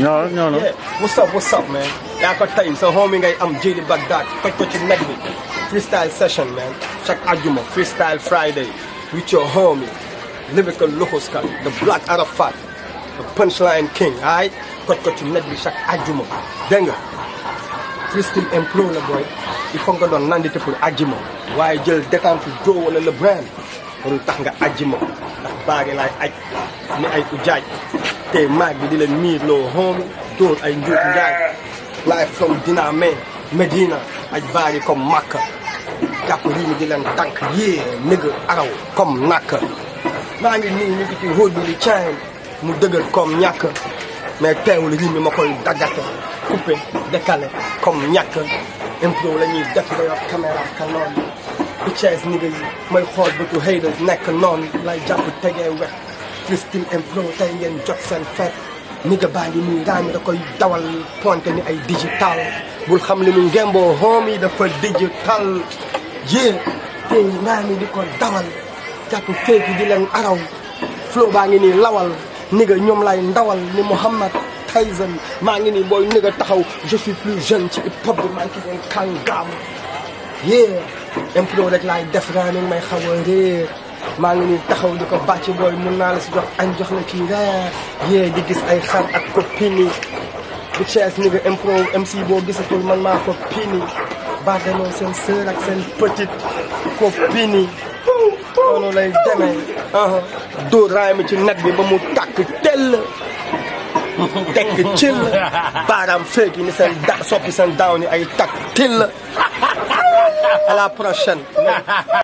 No, no, no. Yeah. What's up, what's up, man? Yeah, I tell you, so homie guy, I'm JD Baghdad. Quick touch it negative. Freestyle session, man. Check Aguma, Freestyle Friday. With your homie, Lyrical Locoscat, the Black Arafat, the Punchline King, alright? Quick touch it negative, check Aguma. Denga. Freestyle employer, boy. If I'm gonna land it for Agima, why jail dekan to draw on the brand? Kung tax nga Agima, ndax baagi laay aj ni ay ujaaj te maag bi di leen miir loo xoomi dóor ay njuut njaay live from dina me Medina aj baari comme Makka jàpp rii mi di leen tànk yée nigga araw comme nàkk maa ngi nii ñu ngi ci hóot bi di mu dëgër comme ñàkk mais teewul rii mi ma koy daggate coupé décalé comme ñàkk impro la ñuy def nga yor caméra ka noonu bu Thiès may xool bëtu haters nekk noonu lay jàpp tegee wet Christine Impro tey ngeen jot seen fête ni nga baa ngi nii daa mi da koy dawal ponte ni ay digital bul xam li nu ngemboo xoom yi dafa digital yée tey naa mi di ko dawal jàpp féegi di leen araw flow baa ngi nii lawal ni nga ñoom lay ndawal ni Mouhamed Tyson maa ngi nii booy ni nga taxaw je suis plus ci hip hop bi maa ngi doon kàngaam yée Impro rek def naa mi ngi may réer maa ngi nii taxaw di ko bàcc booy mun naa la si jox añ jox la ci reer yée di gis ay xar ak ko pini bu Thiès ni nga impro MC boo gisatul man maa ko pini baaganoo seen sœur ak seen petite ko pini noonu lay demee ah, dóor raay mi ci nag bi ba mu tàkk tell tekk cil baaraam féegi ni seen daaw ni ay takk till à la